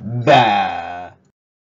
Bye.